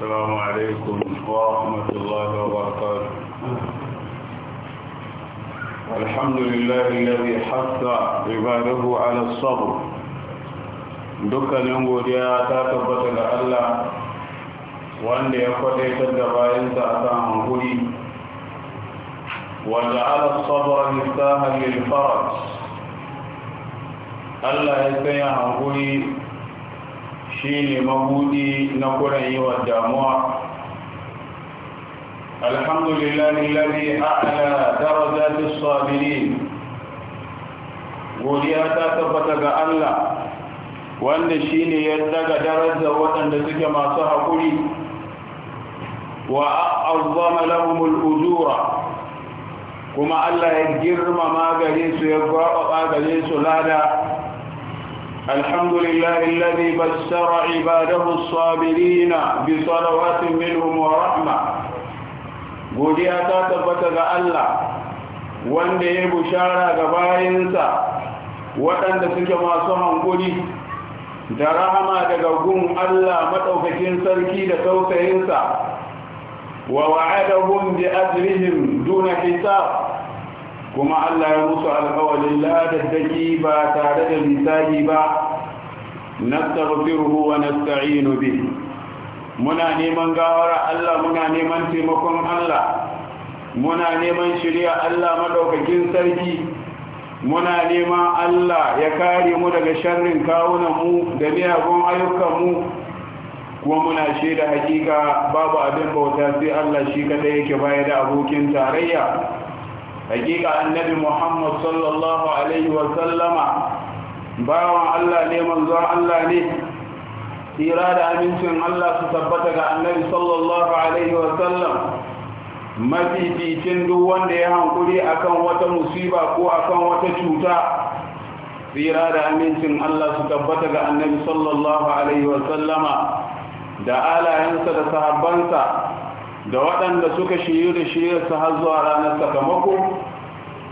السلام عليكم ورحمة الله وبركاته الحمد لله الذي حث عباده على الصبر dukkanin godiya ta tabbatar ga Allah wanda ya kwadaitar da bayansa a kan hankuri wanda ala sabra mistahan lil Allah ya sanya hankuri ne mabudi na kuran yi wa damuwa alhamdulillah alladhi a'la darajati as godiya ta tabbata ga Allah wanda shine ya daga daraja waɗanda suke masu haƙuri wa a'azzama lahum al kuma Allah ya girmama gare su ya gwaba gare su lada الحمد لله الذي بشر عباده الصابرين بصلوات منهم ورحمة godiya ta tabbata ga Allah wanda ya bushara ga bayansa waɗanda suke masu hankuri da rahama daga gun Allah maɗaukakin sarki da tausayinsa wa wa'adahum bi ajrihim duna hisab kuma Allah ya musu alƙawalin ladaddaki ba tare da misali ba نستغفره ونستعين به muna neman gawara Allah muna neman taimakon Allah muna neman shirya Allah madaukakin sarki muna neman Allah ya kare mu daga sharrin kawunan mu da miyagun ayyukan mu kuma muna shaida hakika babu abin bauta sai Allah shi kadai yake bayar da abokin tarayya hakika annabi Muhammad sallallahu alaihi wa sallama bawan Allah ne manzon Allah ne tira da amincin Allah su tabbata ga annabi sallallahu alaihi sallam, mafificin duk wanda ya hankuri akan wata musiba ko akan wata cuta tsira da amincin Allah su tabbata ga annabi sallallahu alaihi sallama, da alayensa da sahabbansa da waɗanda suka shiryu da shiryarsa har zuwa ranar sakamako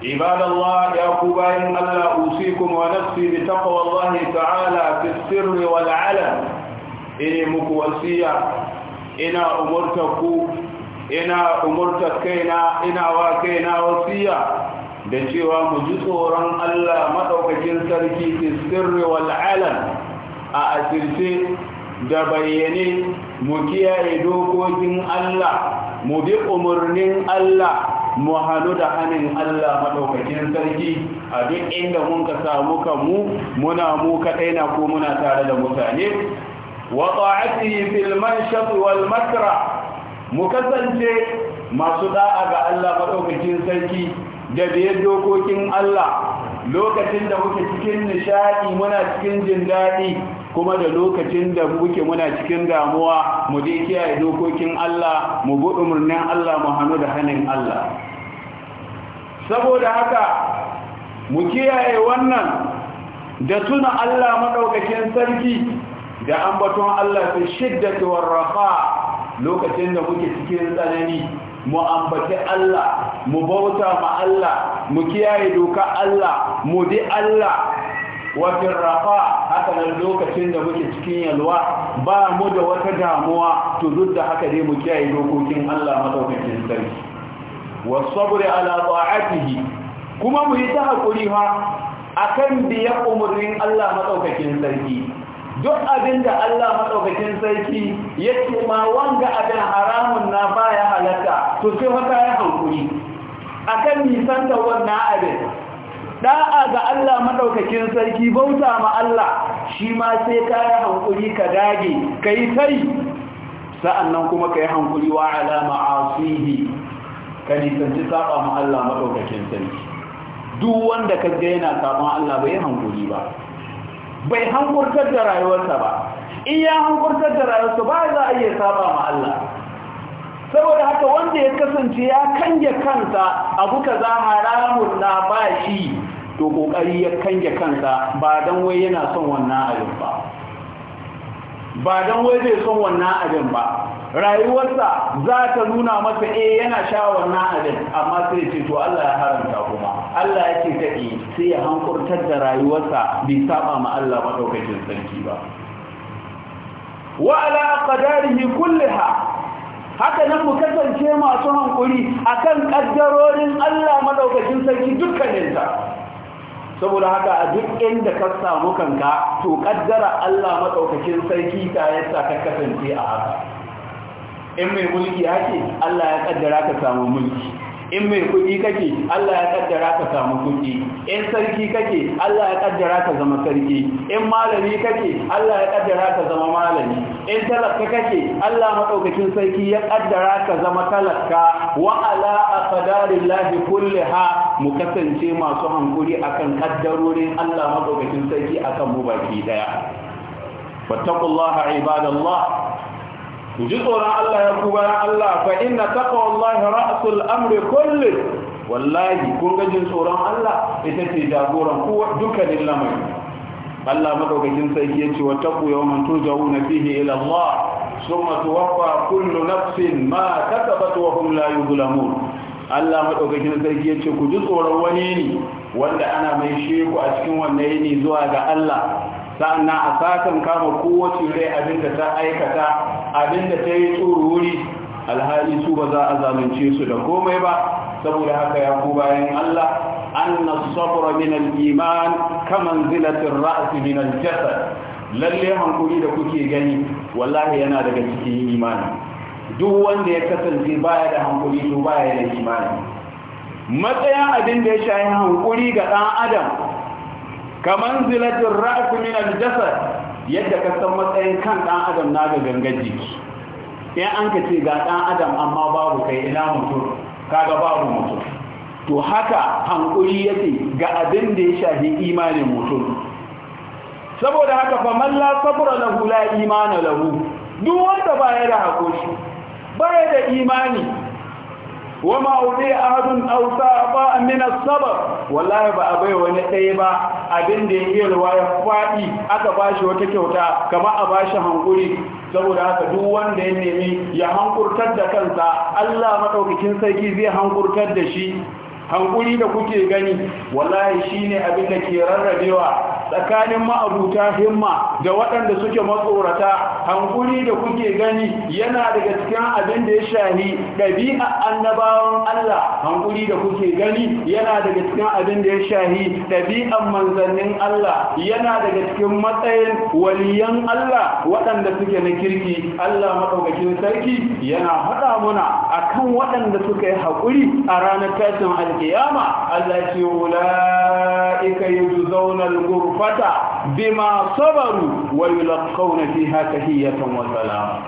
عباد الله يا كوباين ألا أوصيكم ونفسي بتقوى الله تعالى في السر والعلن إني مكوسية إنا أمرتكو إنا أمرتكينا إنا واكينا وصية بشيوى مجسورا ألا مدوكين سركي في السر والعلن أأسرتي da bayyane mu kiyaye dokokin Allah mu bi umarnin Allah mu hannu da hannun Allah maɗaukakin sarki a duk inda mun ka samu mu, muna mu kaɗai na ko muna tare da mutane wa ta'ati filman manshat wal makra mu kasance masu da'a ga Allah maɗaukakin sarki da biye dokokin Allah lokacin da muke cikin nishaɗi muna cikin jin daɗi kuma da lokacin da muke muna cikin damuwa mu je kiyaye dokokin Allah mu bi umarnin Allah mu hannu da hannun Allah saboda haka mu kiyaye wannan da tuna Allah madaukakin sarki da ambaton Allah fi shiddati warrafa lokacin da muke cikin tsanani mu ambaci Allah mu bauta ma Allah mu kiyaye doka Allah mu bi Allah wafin rafa haka nan lokacin da muke cikin yalwa ba mu da wata damuwa to duk da haka dai mu kiyaye dokokin Allah madaukakin sarki wasabri ala ta'atihi kuma mu yi ta hakuri fa akan biya umurnin Allah madaukakin sarki duk abin da Allah madaukakin sarki yake ma wanga abin haramun na baya halatta to sai wata ya hakuri akan nisan da wannan abin da'a ga Allah madaukakin sarki bauta ma Allah shi ma sai ka yi hankuri ka dage ka yi tai sa'annan kuma ka yi hankuri wa ala ma'asihi ka nisanci saba ma Allah madaukakin sarki duk wanda ka ga yana saban Allah bai hankuri ba bai hankurtar da rayuwarsa ba in ya hankurtar da rayuwarsa ba za a iya saba ma Allah saboda haka wanda ya kasance ya kange kansa abu za haramun na ba shi to kokari ya kange kansa ba dan wai yana son wannan abin ba ba dan wai zai son wannan abin ba rayuwarsa za ta nuna masa eh yana sha wannan abin amma sai ce to Allah ya haramta kuma Allah yake ta eh sai ya hankurtar da rayuwarsa bai saba ma Allah madaukakin sarki ba wa ala qadarihi kullaha haka nan mu kasance masu hankuri akan kaddarorin Allah madaukakin sarki dukkaninsa saboda haka a duk inda ka samu kanka to kaddara Allah madaukakin sarki ta yasa ka kasance a haka in mai mulki yake Allah ya kaddara ka samu mulki in mai kuɗi kake Allah ya kaddara ka samu kuɗi in sarki kake Allah ya kaddara ka zama sarki in malami kake Allah ya kaddara ka zama malami in talaka kake Allah madaukakin sarki ya kaddara ka zama talaka wa ala aqdarillahi kulliha mu kasance masu hankuri akan kaddarorin Allah madaukakin sarki akan mu baki daya fattaqullaha ibadallah ku ji tsoron Allah ya ku bayan Allah fa inna taqwallahi ra'sul amri kulli wallahi kun ga jin tsoron Allah ita ce jagoran kowa dukkanin lamari Allah madaukakin sarki yace wa taqu yawman turja'una fihi ila Allah thumma tuwaffa nafsin ma kasabat wa hum la Allah maɗaukakin sarki ya ce ku ji tsoron wani ne wanda ana mai sheku a cikin wannan zuwa ga Allah sa'annan a sakan kama kowace rai abinda ta aikata abinda ta yi tsoruri alhali su ba za a zalunce su da komai ba saboda haka ya ku bayan Allah anna sabra min al-iman kaman zilatir ra's min al-jasad lalle hankuri da kuke gani wallahi yana daga cikin imani duk wanda ya kasance baya da hankuri to baya da imani matsaya abin da ya shayi hankuri ga ɗan adam kamar zilatin ra'asu min aljasad yadda ka san matsayin kan ɗan adam na ga gangan jiki in an ka ce ga ɗan adam amma babu kai ina mutum kaga babu mutum to haka hankuri yake ga abin da ya shafi imanin mutum saboda haka fa man la sabra lahu la imana lahu duk wanda ba da hakuri baya da imani wa a ahadun ausa ba min as-sabr wallahi ba abai wani ɗaya ba abin da yake ruwa ya fadi aka bashi wata kyauta kamar a bashi hankuri saboda haka duk wanda ya nemi ya hankurtar da kansa Allah madaukakin sarki zai hankurtar da shi hankuri da kuke gani wallahi shine abin da ke rarrabewa tsakanin ma'abuta himma da waɗanda suke matsorata hankuli da kuke gani yana daga cikin abin da ya shahi ɗabi'a annabawan Allah Hankuli da kuke gani yana daga cikin abin da ya shahi ɗabi'an manzannin Allah yana daga cikin matsayin waliyan Allah waɗanda suke na kirki Allah maɗaukakin sarki yana haɗa muna akan waɗanda suka yi haƙuri a ranar tashin alkiyama Allah ce wula'ika yujzauna al-ghurfa fata bima sabaru wa yulqawna fiha tahiyatan wa salam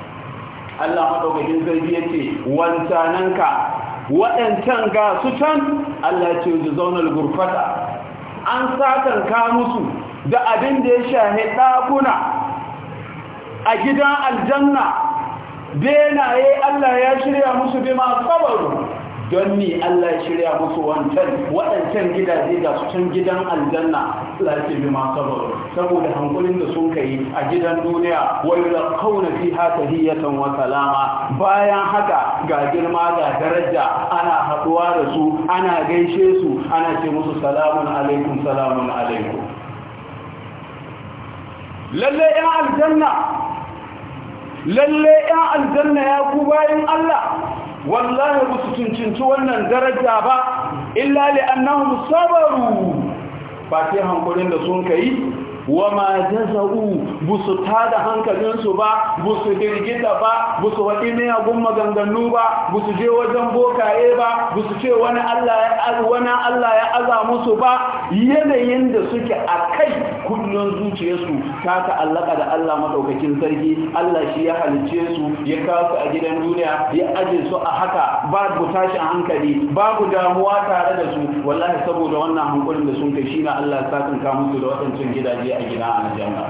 Allah madaukakin sarki yace wancananka waɗancan ga su can Allah ce da zaunar gurfata an satanka musu da abin da ya shahe ɗakuna a gidan aljanna benaye Allah ya shirya musu bima sabaru don ni Allah ya shirya musu wancan waɗancan gidaje ga su can gidan aljanna ce bi ma saboda hankulin da sun kai a gidan duniya wai da kauna fi haka wa salama bayan haka ga girma ga daraja ana haɗuwa da su ana gaishe su ana ce musu salamun alaikum salamun alaikum lalle ya aljanna lalle ya aljanna ya ku bayan Allah wallahi ba su cincinci wannan daraja ba illa li annahum sabaru ba sai hankulin da sun kai wa ma jaza'u busu tada hankalinsu ba busu girgita ba busu waɗi miyagun maganganu ba busu je wajen bokaye ba busu ce wani Allah ya aza musu ba yanayin da suke a kai kullum zuciyarsu ta ta'allaka da Allah maɗaukakin sarki Allah shi ya halice su ya kasu a gidan duniya ya aje su a haka babu tashin hankali babu damuwa tare da su wallahi saboda wannan hankulin da sun kai shi na Allah ya sakanka musu da waɗancan gidaje ta gina a aljanna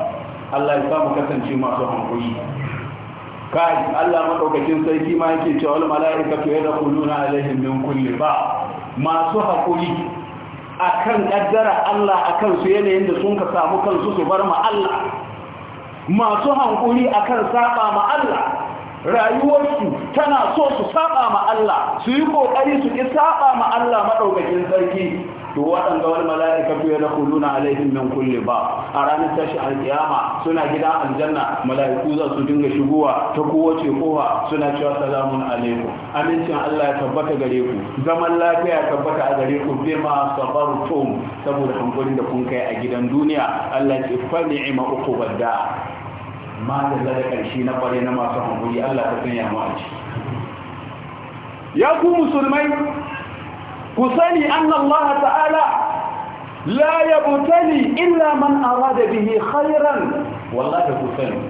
Allah ya samu kasance masu hankuri kai Allah madaukakin sarki ma yake cewa wal mala'ikatu yadkhuluna alaihim min kulli ba masu hakuri akan kaddara Allah akan su yanayin da sun ka samu kansu su bar ma Allah masu hankuri akan saba ma Allah rayuwarsu tana so su saba ma Allah su yi kokari su ki saɓa ma Allah madaukakin sarki to waɗanda wani mala'ika ya da na alaihim min kulli ba a ranar tashi alkiyama suna gidan aljanna mala'iku za su dinga shigowa ta kowace kowa suna cewa salamun alaikum amincin Allah ya tabbata gare ku zaman lafiya ya tabbata a gare ku bi ma sabartum saboda hankulin da kun kai a gidan duniya Allah ya fa ni'ima uku da ma da da karshe na bare na masu hankuli Allah ta sanya mu a ya ku musulmai ku sani anna Allah ta'ala la ya butali illa man ara da bihi khairan wallahi ku sani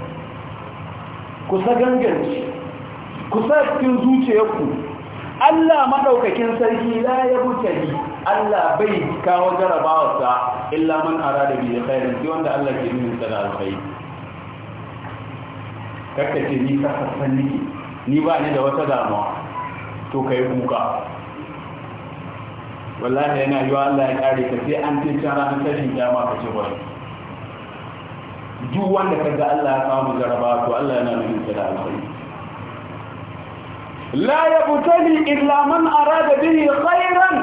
ku sa ganganci ku sa cikin zuciyarku Allah Maɗaukakin sarki la ya butali. Allah bai kawo jarabawarsa illa man ara da bihi khairan sai wanda Allah ke nuna da alkhairi kakkace ni ka san ni ni ba ni da wata damuwa to ka yi kuka wallahi yana yiwa Allah ya kare ka sai an ce ranar tashin kyama ka ce wani duk wanda ka ga Allah ya samu jaraba to Allah yana nufin sa da alkhairi la yabtali illa man arada bihi khairan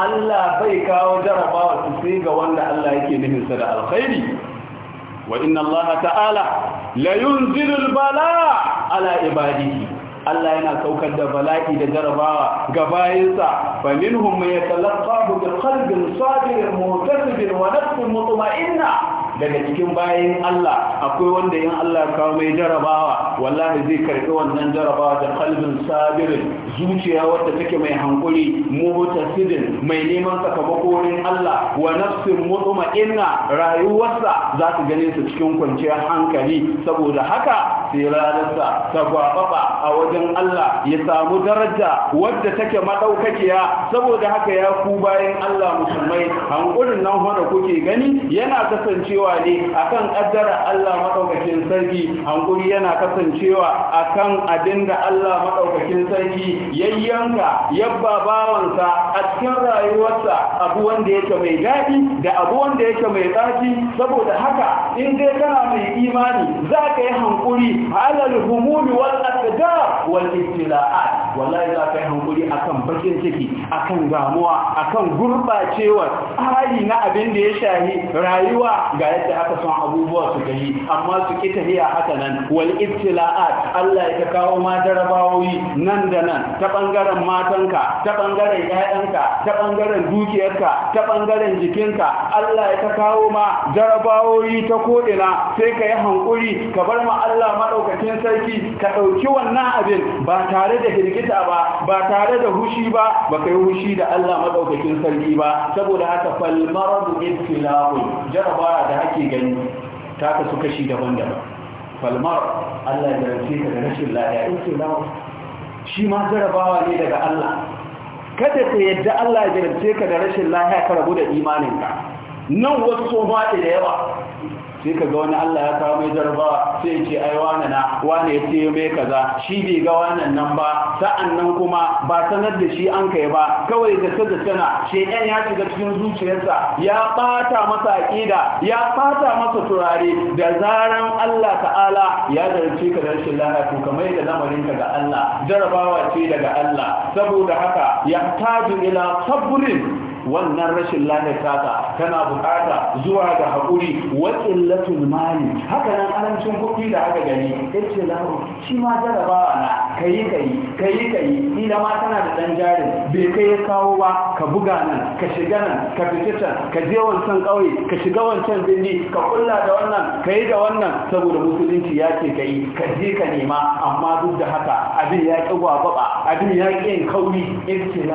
Allah bai kawo jarabawa su sai ga wanda Allah yake nufin sa da alkhairi wa inna Allah ta'ala la yunzilu albala ala ibadihi Allah yana saukar da bala'i da jarabawa ga bayinsa fa minhum man yatalaqqa bil qalbi sabir mu'tasib wa nafs mutma'inna daga cikin bayan Allah akwai wanda yin Allah kawo mai jarabawa wallahi zai karɓi wannan jarabawa da kalbin sabirin zuciya wadda take mai hankuri mutasidin mai neman sakamako wurin Allah wa nafsin mutma'inna rayuwarsa za ta gane su cikin kwanciyar hankali saboda haka sai ranarsa ta gwababa a wajen Allah ya samu daraja wadda take maɗaukakiya saboda haka ya ku bayan Allah musulmai hankulin nan wanda kuke gani yana kasancewa kasancewa ne akan kaddara Allah madaukakin sarki hankuri yana kasancewa akan abin da Allah madaukakin sarki yanka, yabba bawansa a cikin rayuwarsa abu wanda yake mai daɗi da abu wanda yake mai tsaki saboda haka in dai kana mai imani za ka yi hankuri halal humuli wal asdar wal ibtila'at wallahi za ka yi hankuri akan bakin ciki akan damuwa akan gurbacewar hali na abin da ya shahi rayuwa ga yadda aka son abubuwa su gani amma su ki tahiya haka nan wal ibtila'at Allah ya kawo ma jarabawoyi nan da nan ta bangaren matanka ta bangaren ƴaƴanka ta bangaren dukiyarka ta bangaren jikinka Allah ya kawo ma jarabawoyi ta ko'ina sai ka yi hankuri ka bar ma Allah madaukakin sarki ka ɗauki wannan abin ba tare da hirgi firgita ba ba tare da hushi ba ba kai hushi da Allah madaukakin sarki ba saboda haka fal maradu ibtila'un jaraba da hake gani ta su kashi daban-daban fal marad Allah ya rance ka da rashin lafiya ibtila'un shi ma jarabawa ne daga Allah kada ka yadda Allah ya rance ka da rashin lafiya ka rabu da imaninka nan wasu tsoma da yawa sai ka wani Allah ya kawo mai jarabawa sai ce ai wane na wane ya ce mai kaza shi bai ga wannan nan ba sa'an nan kuma ba sanar da shi an kai ba kawai da ta tana shekan ya shiga cikin zuciyarsa ya bata masa aqida ya bata masa turare da zaran Allah ta'ala ya zarce ka dan shin ko kamar da lamarin ka ga Allah jarabawa ce daga Allah saboda haka ya tajin ila sabrin wannan rashin lafiyar taka tana bukata zuwa ga haƙuri wa illatul mali haka nan cin kuɗi da aka gani yace laro shi ma jarabawa na kayi kayi kayi kayi da ma tana da dan jarin bai kai ya kawo ba ka buga nan ka shiga nan ka fita can ka je wancan ƙauye ka shiga wancan birni ka kulla da wannan kayi da wannan saboda musulunci ya ce kayi ka je ka nema amma duk da haka abin ya ƙi gwagwaba abin ya ƙi yin kauri yace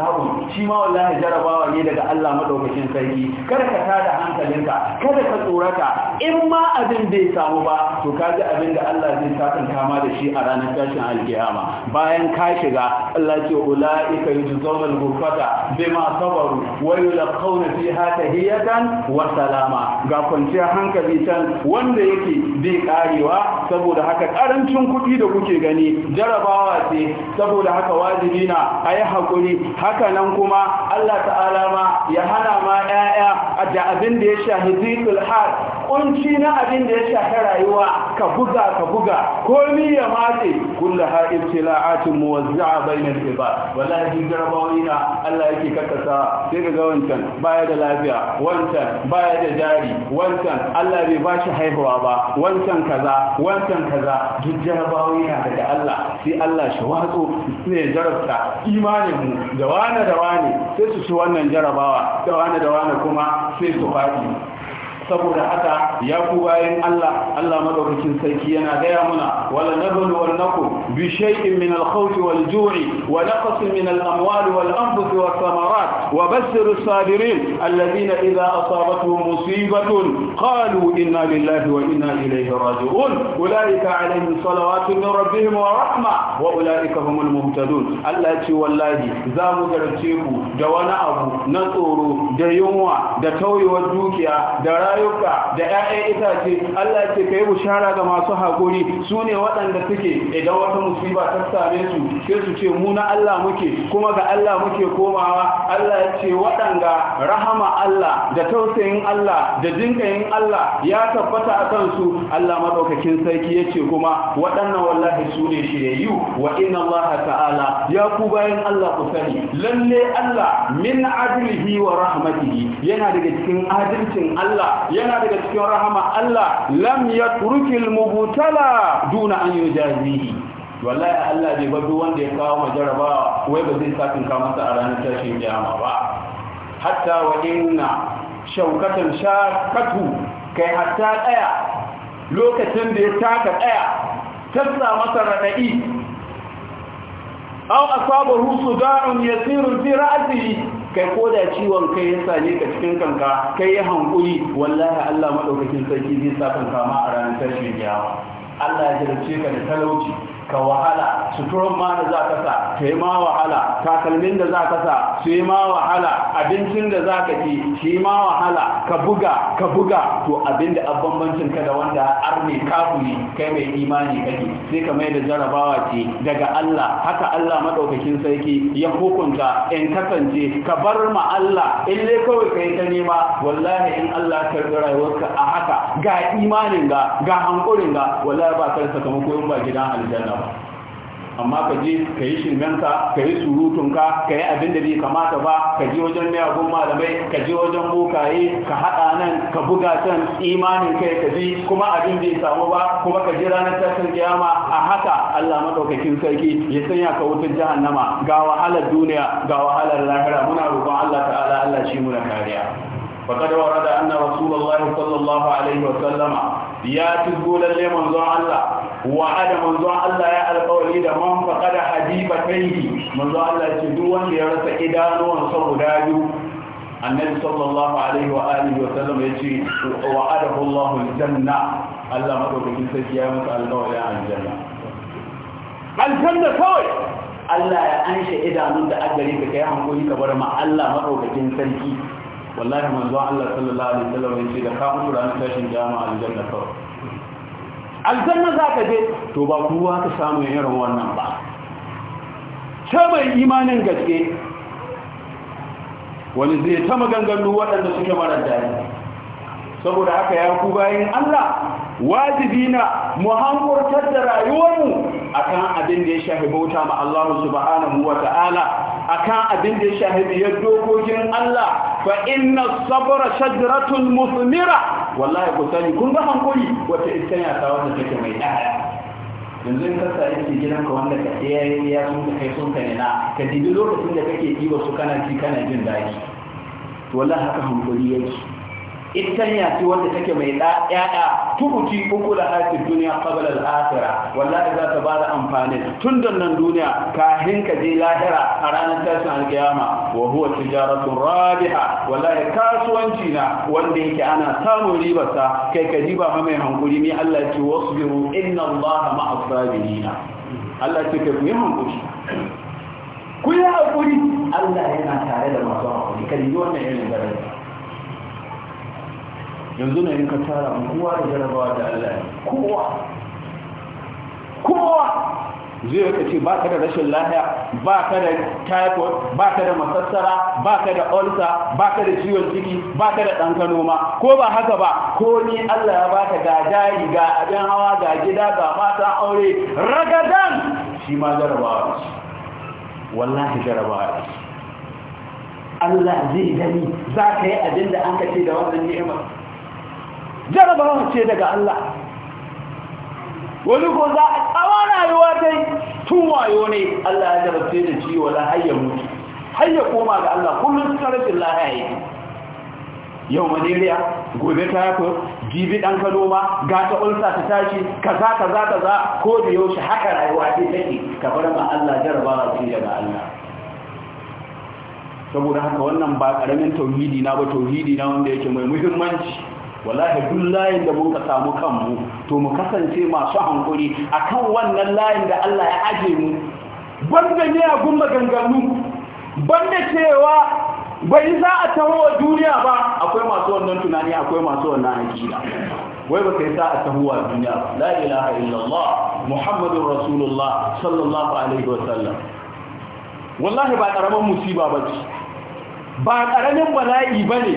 shi ma wallahi jarabawa ne da Da Allah madaukakin sarki kar ka tada hankalinka kada ka tsorata in ma abin bai samu ba to kaji abin da Allah zai sakan kama da shi a ranar tashin alkiyama bayan ka shiga Allah ce ulaika yujzauna al-ghurfata bima sabaru wa yulqawna fiha tahiyatan wa salama ga kwanciyar hankali can wanda yake bai karewa saboda haka karancin kuɗi da kuke gani jarabawa ce saboda haka wajibi na ayi hakuri haka nan kuma Allah ta'ala ma ya hana ma 'ya'ya da abin da ya shahidi zitul hal kunci na abin da ya shafi rayuwa ka buga ka buga komi ya matse kulla ha ibtila'atun muwazza'a bainal ibad wallahi jarabawi na Allah yake kakkasa sai ga wancan baya da lafiya wancan baya da jari wancan Allah bai bashi haihuwa ba wancan kaza wancan kaza duk jarabawi na daga Allah sai Allah shi watso ne jarabta imanin mu da wani da wani sai su ci wannan jarabawa da wani da wani kuma sai su faɗi saboda haka ya ku bayan Allah Allah madaukakin sarki yana gaya mana wala بشيء من الخوف والجوع ونقص من الأموال والأنفس والثمرات وبشر الصابرين الذين إذا أصابتهم مصيبة قالوا إنا لله وإنا إليه راجعون أولئك عليهم صلوات من ربهم ورحمة وأولئك هم المهتدون التي والله زام جرتيكو دوانا أبو نصورو ديوموا دتوي والدوكيا درايوكا دعائي إتاتي التي كيبو شارك ما صحكوني سوني وطن دفكي إدوات wata musiba ta same su sai su ce mu na Allah muke kuma ga Allah muke komawa Allah ya ce waɗanda rahama Allah da tausayin Allah da jinkayin Allah ya tabbata a kansu Allah madaukakin sarki ya ce kuma waɗannan wallahi su ne shiryayyu wa inna Allah ta'ala ya ku bayan Allah ku sani lalle Allah min adlihi wa rahmatihi yana daga cikin adalcin Allah yana daga cikin rahama Allah lam yatrukil mubutala duna an yujazihi wallahi Allah bai bar duk wanda ya kawo ma jarabawa wai ba zai sakin ka masa a ranar tashin kiyama ba hatta wa inna shaukatan shaqatu kai hatta tsaya lokacin da ya taka tsaya Tasa masa radai aw asabahu sudarun yasiru fi ra'sihi kai ko da ciwon kai ya same ka cikin kanka kai ya hankuri wallahi Allah madaukakin sarki zai sa kanka ma a ranar tashin kiyama Allah ya jarce ka da talauci ka wahala suturan ma da za ka sa ka yi ma wahala takalmin da za ka sa su yi ma wahala abincin da za ka ci shi ma wahala ka buga ka buga to abin da bambancin ka da wanda arne ne kai mai imani kake sai ka mai da jarabawa ce daga Allah haka Allah madaukakin sarki ya hukunta in kasance ka bar ma Allah in dai kawai kai ta nema wallahi in Allah ka rayuwarka a haka ga imanin ga ga hankurin ga wallahi ba ka sakamako in ba gidan aljanna amma ka je ka yi shirmenka ka yi surutunka ka yi abin da bai kamata ba ka je wajen miyagun malamai ka je wajen bokaye ka haɗa nan ka buga can imanin kai ka ji kuma abin bai samu ba kuma ka ji ranar tashin kiyama a haka Allah maɗaukakin sarki ya sanya ka wutar jahannama ga wahalar duniya ga wahalar lahira muna roƙon Allah ta'ala Allah shi muna kariya فقد ورد أن رسول الله صلى الله عليه وسلم يا تقول لمن الله wa'ada manzo Allah ya alƙawari da man faqada habibatayhi manzo Allah ce duk wanda ya rasa idanuwan sa guda biyu sallallahu alaihi wa alihi wa sallam yace wa'adahu Allah aljanna Allah madaukakin sarki ya masa alƙawari aljanna aljanna kawai Allah ya anshe idanun da agari ka kai hankali ka bar ma Allah madaukakin sarki wallahi manzo Allah sallallahu alaihi wa sallam da ka mutu ran tashin jama'a aljanna kawai aljanna za ka je to ba kowa ka samu irin wannan ba ta mai imanin gaske wani zai ta maganganu waɗanda suke marar daji saboda haka ya ku bayan allah wajibi na mu hankurtar da rayuwarmu akan abin da ya shahi bauta ma Allah subhanahu wa ta'ala akan abin da ya shahi biyar dokokin Allah fa inna sabra shajratun musmira wallahi ku sani kun ga hankuri wata iskanya ta wata take mai daya yanzu in kasa yake ka wanda ka iya ya sun ka kai sun ka na ka dibi lokacin da kake ɗiba wasu kana ji kana jin daɗi wallahi haka hankuri yake ittanya ce wanda take mai ɗaya tubuti uku da haifin duniya kabal al'afira wallahi za ta ba da amfani tun don nan duniya kahin ka je lahira a ranar tashin alkiyama wa huwa tijaratu rabiha wallahi kasuwanci na wanda yake ana samun ribarsa kai ka riba ma mai hankuri mai Allah ce wasbiru inna Allah ma'as sabirina Allah ce ka yi hankuri ku yi hankuri Allah yana tare da masu hankuri kan yi wannan irin daraja yanzu na yin ka tara kowa da jarabawa da Allah kowa kowa zai rika ce ba ka da rashin lahiya ba ka da typhoid ba ka da masassara ba ka da ulcer ba ka da ciwon ciki ba ka da ɗan ma ko ba haka ba ko ni Allah ya ba ka ga jari ga abin hawa ga gida ga mata aure ragadan shi ma jarabawa ce wallahi jarabawa ce Allah zai gani za ka yi abin da an kace da wannan ni'imar jarabawar ce daga Allah wani ko za a tsawon rayuwa dai tun wayo ne Allah ya jarabce da ciwo wa hayya mutu hayya koma ga Allah kullum su rashin lahiya yi yau maneriya, gobe typhoid jibi ɗan kano ma ga ta ulsa ta tashi za za, za ko da yaushe haka rayuwa ce take ka bar ma Allah jarabawa ce daga Allah saboda haka wannan ba karamin tauhidi na ba tauhidi na wanda yake mai muhimmanci wallahi duk layin da mun ka samu kanmu to mu kasance masu hankuri akan wannan layin da Allah ya aje mu banda ne a banda cewa bai za a taho wa duniya ba akwai masu wannan tunani akwai masu wannan hakila wai ba kai sa a taho wa duniya ba la ilaha illallah muhammadur rasulullah sallallahu alaihi wa sallam wallahi ba karamin musiba ba ce ba karamin bala'i bane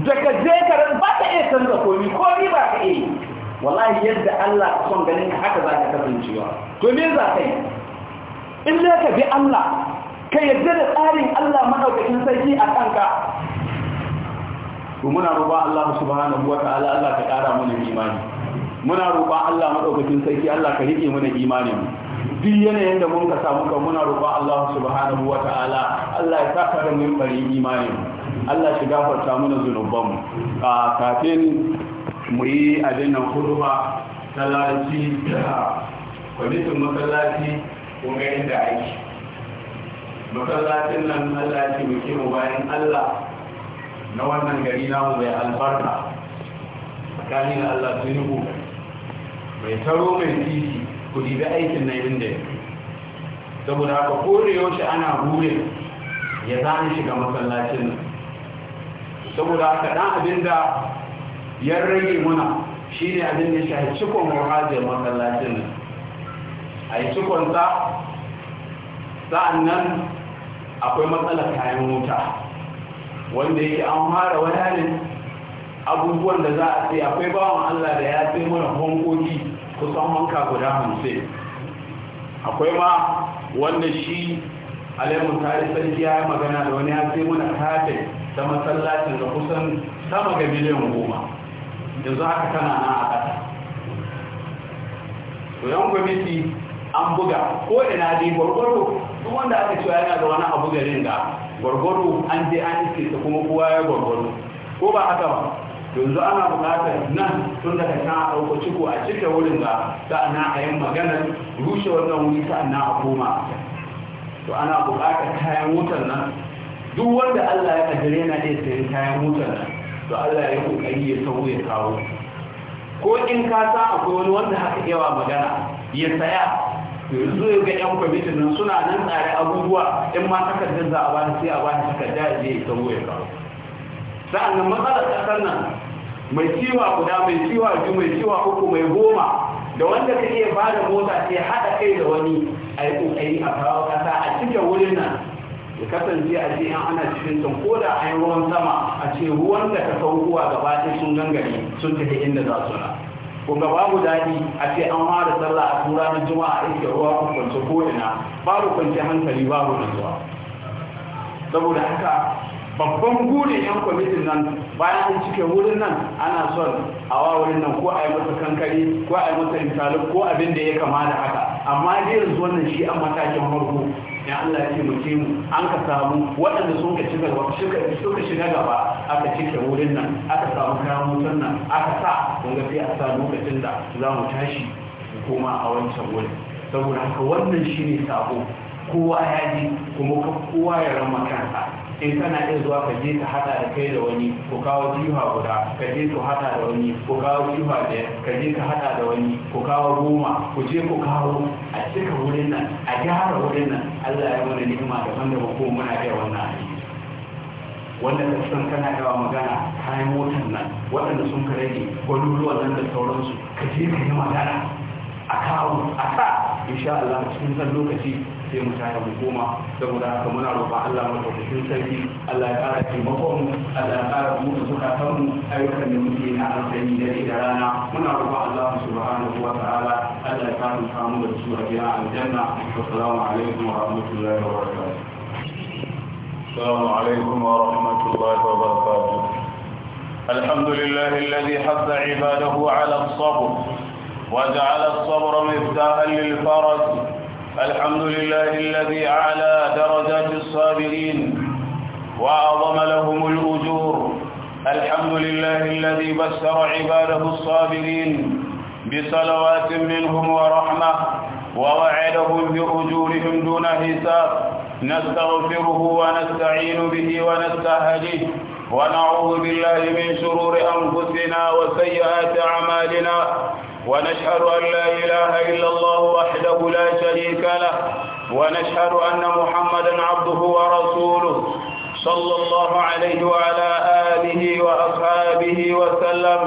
daga jekarar ba ta iya canza komi komi ba ka iya wallahi yadda Allah ka son ganin ka haka za ka kasancewa to me za ka yi in da ka bi Allah ka yarda da tsarin Allah madaukakin sarki a kanka to muna roƙa Allah subhanahu wataala Allah ka ƙara mana imani muna roƙa Allah madaukakin sarki Allah ka rike mana imanin mu duk yanayin da mun ka samu ka, muna roƙa Allah subhanahu wataala Allah ya saka da mun bari imanin mu Allah shi gafarta mana zunubanmu a kafin mu yi adinnan huduma ta lalaci da kwamitin masallaci kuma da aiki masallacin nan Allah mu ke mu bayan Allah na wannan gari namu mai albarka na Allah sun yi mai taro mai titi ku dibi aikin na yin da ya saboda haka kore yaushe ana burin ya zane shiga masallacin nan saboda haka dan abin ya rage muna shi ne abin da shi cikon muhajir masallacin nan a yi cikonsa akwai matsalar kayan wuta wanda yake an fara wayanin abubuwan da za a ce akwai bawan allah da ya sai mana hankoki kusan hanka guda hamsin akwai ma wanda shi alaimun tarihi sarki ya yi magana da wani ya sai mana kafin ta masallacin da kusan sama ga miliyan goma yanzu haka tana na a ƙasa to yan gwamnati an buga ko ina dai gwargwaro duk wanda aka cewa yana da wani abu garin ga gwargwaro an je an iske ta kuma kowa ya gwargwaro ko ba haka ba yanzu ana buƙatar nan tun daga can a ɗauko ciko a cike wurin ga sa'annan a yin maganar rushe wannan wuri sa'annan a koma to ana buƙatar kayan wutar nan duk wanda Allah ya kaddare yana iya sayan kayan motar to Allah ya kokari ya sau ya kawo ko in ka sa akwai wani wanda haka yawa magana ya saya yanzu ya ga yan kwamitin nan suna nan tsare abubuwa in ma takardar za a ba sai a ba ni takarda ya je ya sau ya kawo sa'annan matsalar kasar nan mai ciwa guda mai ciwa biyu mai ciwa uku mai goma da wanda ka iya ba mota sai haɗa kai da wani a yi ƙoƙari a kawo ƙasa a cikin wurin nan ya kasance a ce an ana cikin can ko da an ruwan sama a ce ruwan da ka saukowa gaba ɗin sun gangare sun tafi inda za su na ko ga babu daɗi a ce an fara sallah a tura na juma'a a ruwa ku kwance ko ina babu kwance hankali babu nutsuwa saboda haka babban gure yan kwamitin nan bayan an cike wurin nan ana son a wa wurin nan ko a yi masa kankari ko a yi masa misali ko abin da ya kama da haka amma dai yanzu wannan shi an matakin farko ya Allah ya ce mu an ka samu waɗanda sun ka shiga suka shiga gaba aka cike wurin nan aka samu kayan mutan nan aka sa kun ga sai a sa lokacin da za mu tashi kuma a wancan wurin saboda haka wannan shine sabo kowa ya ji kuma kowa ya rama kansa in kana iya zuwa ka je ka hada da kai da wani ko kawo jiha guda ka je ku hada da wani ko kawo jiha biyar ka je ka hada da wani ko kawo goma ku je ku kawo a cika wurin nan a gyara wurin nan Allah ya mana ni'ima daban da ko muna iya wannan aiki wanda ka san kana yawa magana kayan motar nan waɗanda sun ka rage gwaluruwa nan da sauransu ka je ka yi magana a kawo a sa insha Allah cikin san lokaci sai mu tare mu koma saboda haka muna roƙa Allah mu ɗaukakin sarki Allah ya ƙara taimakon mu Allah ya ƙara mu da zukatan mu ayyukan da muke na alƙali da da rana muna roƙa Allah subhanahu wa ta'ala Allah ya ƙara samu da su a gida aljanna assalamu alaikum wa rahmatullahi wa barakatuh السلام عليكم ورحمة الله وبركاته الحمد لله الذي حث عباده على الصبر وجعل الصبر مفتاحا للفرج الحمد لله الذي أعلى درجات الصابرين وأعظم لهم الأجور الحمد لله الذي بشر عباده الصابرين بصلوات منهم ورحمة ووعدهم بأجورهم دون حساب نستغفره ونستعين به ونستهديه ونعوذ بالله من شرور أنفسنا وسيئات أعمالنا ونشهد أن لا إله إلا الله وحده لا شريك له ونشهد أن محمدا عبده ورسوله صلى الله عليه وعلى آله وأصحابه وسلم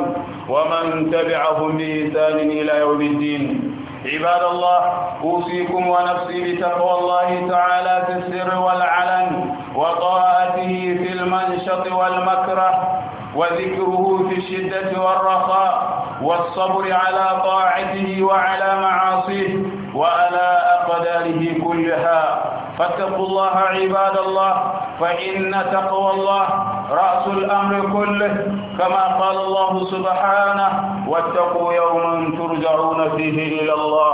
ومن تبعهم بإحسان إلى يوم الدين عباد الله أوصيكم ونفسي بتقوى الله تعالى في السر والعلن وطاعته في المنشط والمكره وذكره في الشدة والرخاء والصبر على طاعته وعلى معاصيه وعلى أقداره كلها فاتقوا الله عباد الله فإن تقوى الله رأس الأمر كله كما قال الله سبحانه واتقوا يوما ترجعون فيه إلى الله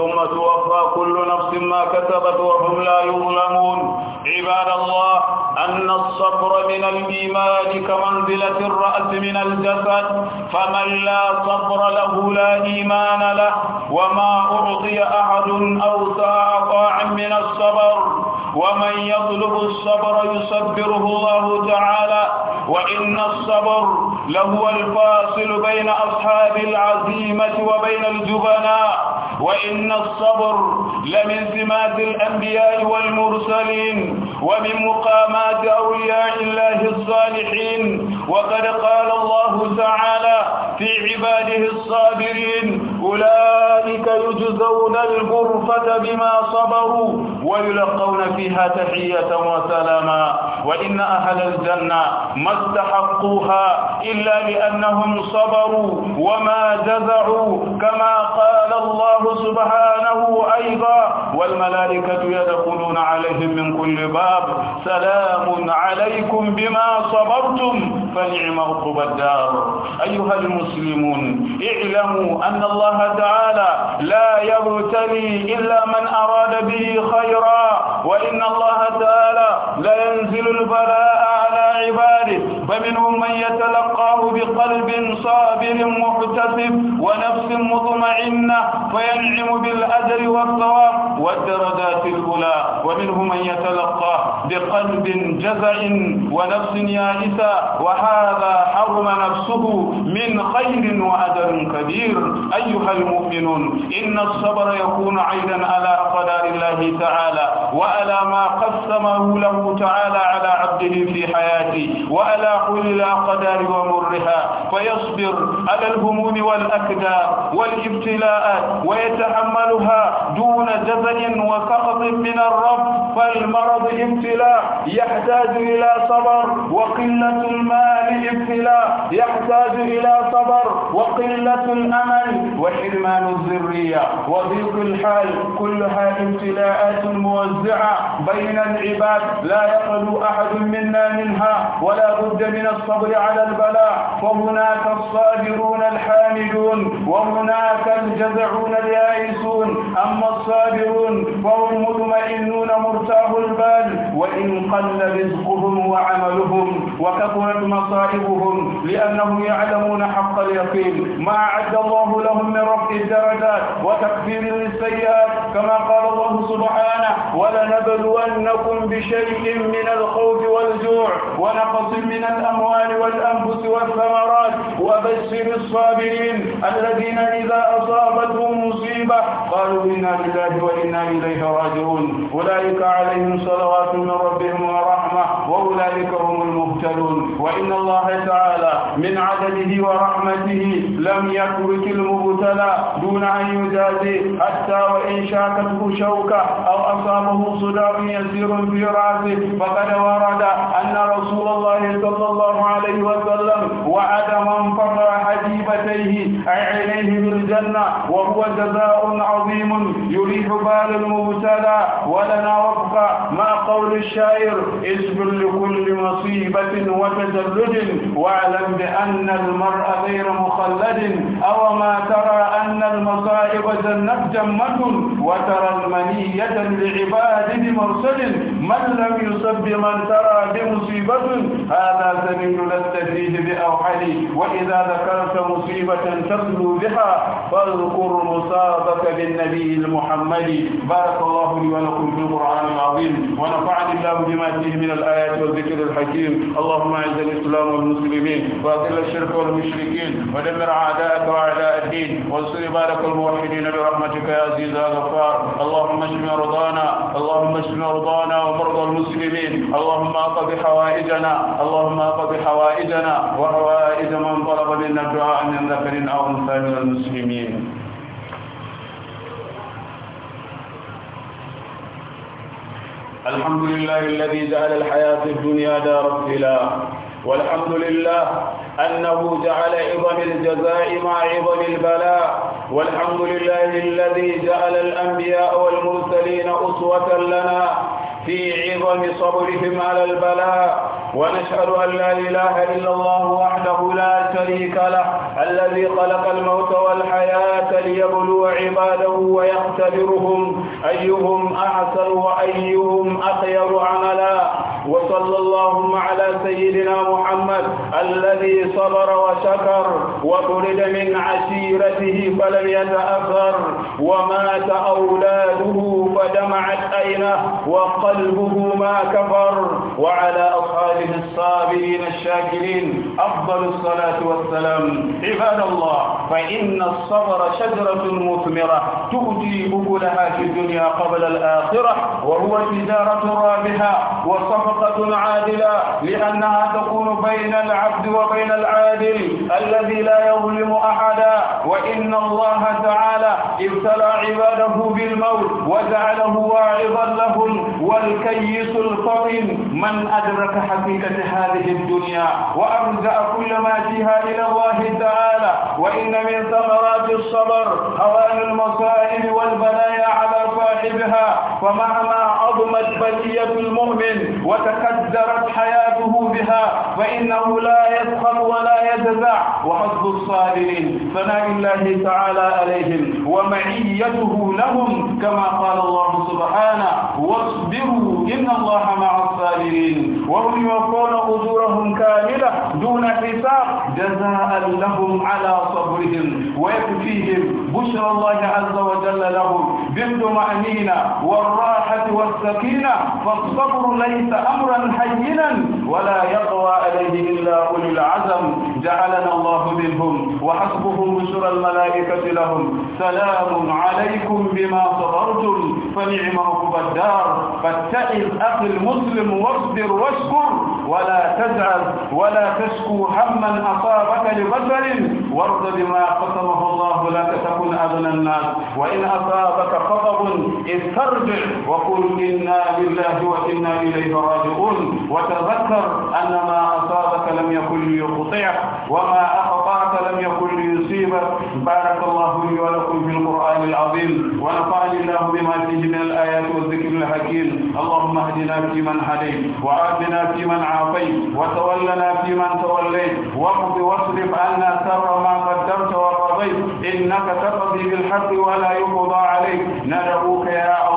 ثم توفى كل نفس ما كسبت وهم لا يظلمون عباد الله أن الصبر من الإيمان كمنزلة الرأس من الجسد فمن لا صبر له لا إيمان له وما أعطي أحد أو طاعا من الصبر ومن يطلب الصبر يصبره الله تعالى وإن الصبر لهو الفاصل بين أصحاب العزيمة وبين الجبناء وإن الصبر لمن سمات الأنبياء والمرسلين ومن مقامات أولياء الله الصالحين وقد قال الله تعالى في عباده الصابرين أولئك يجزون الغرفة بما صبروا ويلقون فيها تحية وسلاما وإن أهل الجنة ما استحقوها إلا لأنهم صبروا وما جزعوا كما الله سبحانه أيضا والملائكة يدخلون عليهم من كل باب سلام عليكم بما صبرتم فنعم عقب الدار أيها المسلمون اعلموا أن الله تعالى لا يبتلي إلا من أراد به خيرا وإن الله تعالى لا ينزل البلاء على عباده فمنهم من يتلقاه بقلب صابر محتسب ونفس مطمئنة فينعم بالأجر والثواب والدرجات الأولى ومنهم من يتلقاه بقلب جزع ونفس يائسة وهذا حرم نفسه من خير وأجر كبير أيها المؤمنون إن الصبر يكون عينا على قدر الله تعالى وعلى ما قسمه له تعالى على عبده في حياته وعلى كل الأقدار ومرها فيصبر على الهموم والأكدار والابتلاءات ويتحملها دون جزل وسخط من الرب فالمرض ابتلاء يحتاج إلى صبر وقلة المال ابتلاء يحتاج إلى صبر وقلة الأمل وحرمان الذرية وضيق الحال كلها ابتلاءات موزعة بين العباد لا يخلو أحد منا منها ولا بد من الصبر على البلاء فهناك الصابرون الحامدون وهناك الجزعون اليائسون أما الصابرون فهم مطمئنون مرتاحون مفتاح البال وإن قل رزقهم وعملهم وكثرت مصائبهم لأنهم يعلمون حق اليقين ما أعد الله لهم من رفع الدرجات وتكفير للسيئات كما قال الله سبحانه ولنبلونكم بشيء من الخوف والجوع ونقص من الأموال والأنفس والثمرات وبشر الصابرين الذين إذا أصابتهم مصيبة قالوا إنا لله وإنا إليه راجعون أولئك عليهم صلوات من ربهم ورحمة وأولئك هم المبتلون وإن الله تعالى من عدده ورحمته لم يترك المبتلى دون أن يجازي حتى وإن شاكته شوكة أو أصابه صداع يسير في رأسه فقد ورد أن رسول الله صلى الله عليه وسلم وعد من فقر حجيبتيه عينيه بالجنة وهو جزاء عظيم يريح بال المبتلى ولنا وفق ما قول الشاعر اصبر لكل مصيبة وتجرد واعلم بأن المرء غير مخلد أو ما ترى أن المصائب جنب جمة وترى المنية لعباد مرسل من لم يصب من ترى بمصيبة هذا سبيل لست بأوحلي وإذا ذكرت مصيبة تصلو بها فاذكر مصابك بالنبي المحمدي بارك الله لي ولكم في القرآن العظيم ونفعني الله بما فيه من الآيات والذكر الحكيم اللهم أعز الإسلام والمسلمين وباطل الشرك والمشركين ودمر أعداءك وأعداء الدين وانصر بارك الموحدين برحمتك يا عزيز يا غفار اللهم اشف مرضانا اللهم اشف مرضانا ومرضى المسلمين اللهم اقض حوائجنا اللهم اقض حوائجنا وحوائج من طلب منا الدعاء من ذكر أو أنثى من المسلمين الحمد لله الذي جعل الحياة الدنيا دار ابتلاء والحمد لله أنه جعل عظم الجزاء مع عظم البلاء والحمد لله الذي جعل الأنبياء والمرسلين أسوة لنا في عظم صبرهم على البلاء ونشهد أن لا إله إلا الله وحده لا شريك له الذي خلق الموت والحياة ليبلو عباده ويختبرهم أيهم أحسن وأيهم أخير عملا وصلى اللهم على سيدنا محمد الذي صبر وشكر وطرد من عشيرته فلم يتأخر ومات أولاده فدمعت عينه وقلبه ما كفر وعلى أصحابه صالح الصابرين الشاكرين أفضل الصلاة والسلام عباد الله فإن الصبر شجرة مثمرة تؤتي أكلها في الدنيا قبل الآخرة وهو تجارة رابحة وصفقة عادلة لأنها تكون بين العبد وبين العادل الذي لا يظلم أحدا وإن الله تعالى ابتلى عباده بالموت وجعله واعظا لهم والكيس القوي من أدرك حكيم حقيقة هذه الدنيا وأرجع كل ما فيها إلى الله تعالى وإن من ثمرات الصبر أوان المصائب والبلايا على صاحبها فمهما عظمت بلية المؤمن وتكدرت حياته بها فإنه لا يسخر ولا يجزع وحظ الصابرين ثناء الله تعالى عليهم ومعيته لهم كما قال الله سبحانه واصبروا إن الله مع الصابرين وهم يوفون أجورهم كاملة دون حساب جزاء لهم على صبرهم ويكفيهم بشرى الله عز وجل لهم بالطمأنينة والراحة والسكينة فالصبر ليس أمرا هينا ولا يقوى عليه إلا أولي العزم جعلنا الله منهم وحسبهم بشرى الملائكة لهم سلام عليكم بما صبرتم فنعم عقب الدار فاتعظ أخي المسلم واصبر واشكر ولا تزعل ولا تشكو هما أصابك لبشر وارض بما قسمه الله لك تكن أذن الناس وإن أصابك خطب استرجع وقل إنا لله وإنا إليه راجعون وتذكر أن ما أصابك لم يكن ليقطعك وما أخطأك لم يكن ليصيبك بارك الله لي ولكم في القرآن العظيم ونفعني الله بما فيه من الآيات والذكر الحكيم اللهم اهدنا فيمن هديت وعافنا فيمن عافيت وتولنا فيمن توليت واقض واصرف عنا سره وما قدمت وقضيت إنك تقضي بالحق ولا يقضى عليك ندعوك يا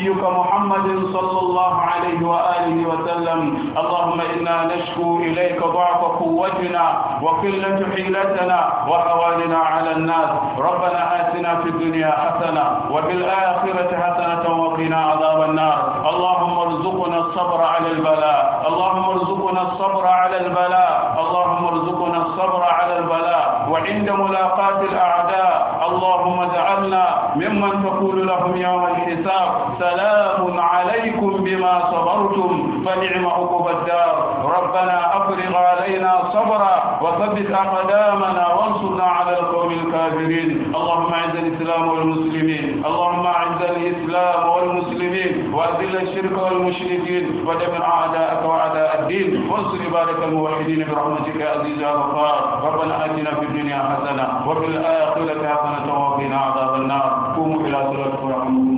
نبيك محمد صلى الله عليه وآله وسلم اللهم إنا نشكو إليك ضعف قوتنا وقلة حيلتنا وحوالنا على الناس ربنا آتنا في الدنيا حسنة وفي الآخرة حسنة وقنا عذاب النار اللهم ارزقنا الصبر على البلاء اللهم ارزقنا الصبر على البلاء اللهم ارزقنا الصبر على البلاء وعند ملاقاة الأعداء اللهم اجعلنا ممن تقول لهم يوم الحساب سلام عليكم بما صبرتم فنعم عقب الدار ربنا أفرغ علينا صبرا وثبت أقدامنا وانصرنا على القوم الكافرين اللهم أعز الإسلام والمسلمين اللهم أعز الإسلام والمسلمين وأذل الشرك والمشركين ودمر أعداءك وأعداء الدين وانصر عبادك الموحدين برحمتك يا عزيز يا غفار ربنا آتنا في الدنيا حسنة وفي الآخرة حسنة وقنا عذاب النار قوموا إلى صلاتكم ورحمكم